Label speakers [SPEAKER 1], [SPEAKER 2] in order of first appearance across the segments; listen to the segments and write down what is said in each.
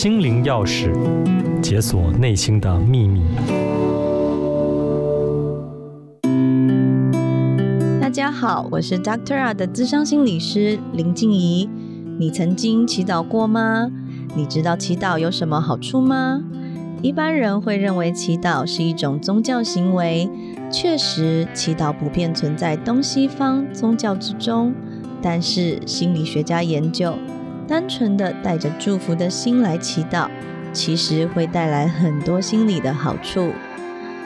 [SPEAKER 1] 心靈鑰匙，解鎖內心的秘密。大家好，我是 Doctor a 的諮商心理師林靜怡。你曾經祈禱過嗎？你知道祈禱有什麼好處嗎？一般人會認為祈禱是一種宗教行為，確實，祈禱普遍存在東西方宗教之中。但是，心理學家研究，單純的帶着祝福的心來祈禱，其實會帶來很多心理的好處。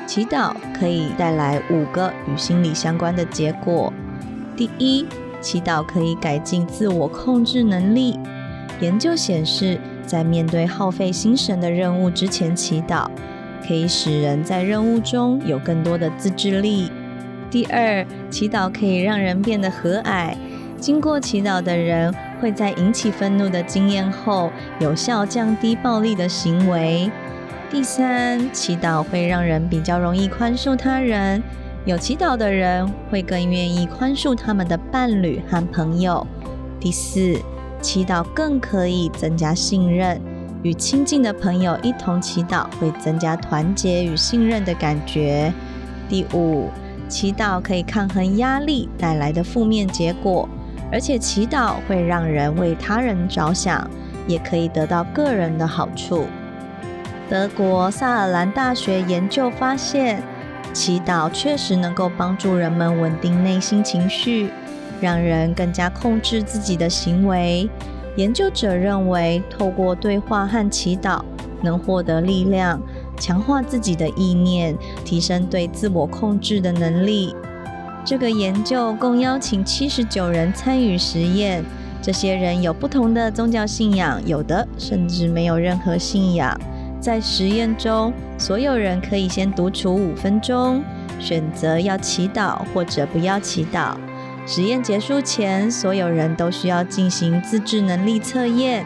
[SPEAKER 1] 祈禱可以帶來五個與心理相關的結果：第一，祈禱可以改進自我控制能力。研究顯示，在面對耗費心神的任務之前祈禱，可以使人在任務中有更多的自制力。第二，祈禱可以讓人變得和藹。經過祈禱的人。會在引起憤怒的經驗後，有效降低暴力的行為。第三，祈禱會讓人比較容易寬恕他人，有祈禱的人會更願意寬恕他們的伴侶和朋友。第四，祈禱更可以增加信任，與親近的朋友一同祈禱會增加團結與信任的感覺。第五，祈禱可以抗衡壓力帶來的負面結果。而且祈禱會讓人為他人着想，也可以得到個人的好處。德國薩爾蘭大學研究發現，祈禱確實能夠幫助人們穩定內心情緒，讓人更加控制自己的行為。研究者認為，透過對話和祈禱，能獲得力量，強化自己的意念，提升對自我控制的能力。這個研究共邀請七十九人參與實驗，這些人有不同的宗教信仰，有的甚至沒有任何信仰。在實驗中，所有人可以先獨處五分鐘，選擇要祈禱或者不要祈禱。實驗結束前，所有人都需要進行自制能力測驗。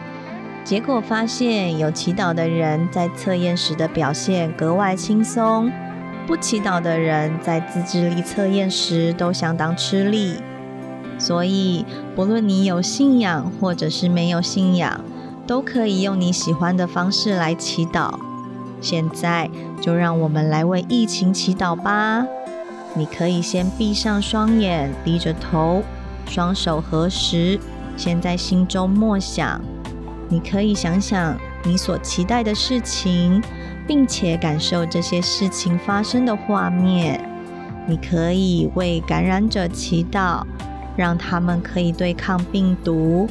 [SPEAKER 1] 結果發現，有祈禱的人在測驗時的表現格外輕鬆。不祈禱的人在自制力測驗時都相當吃力，所以不論你有信仰或者是沒有信仰，都可以用你喜歡的方式來祈禱。現在就讓我們來為疫情祈禱吧。你可以先閉上雙眼，低着頭，雙手合十，先在心中默想。你可以想想你所期待的事情。並且感受這些事情發生的畫面。你可以為感染者祈禱，讓他們可以對抗病毒。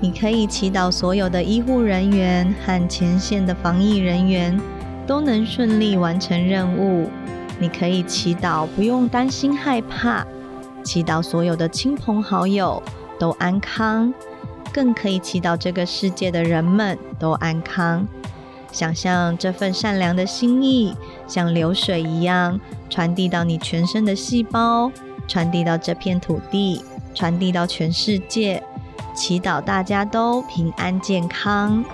[SPEAKER 1] 你可以祈禱所有的醫護人員和前線的防疫人員都能順利完成任務。你可以祈禱不用擔心害怕，祈禱所有的親朋好友都安康，更可以祈禱這個世界的人們都安康。想象這份善良的心意，像流水一樣，傳遞到你全身的細胞，傳遞到這片土地，傳遞到全世界，祈禱大家都平安健康。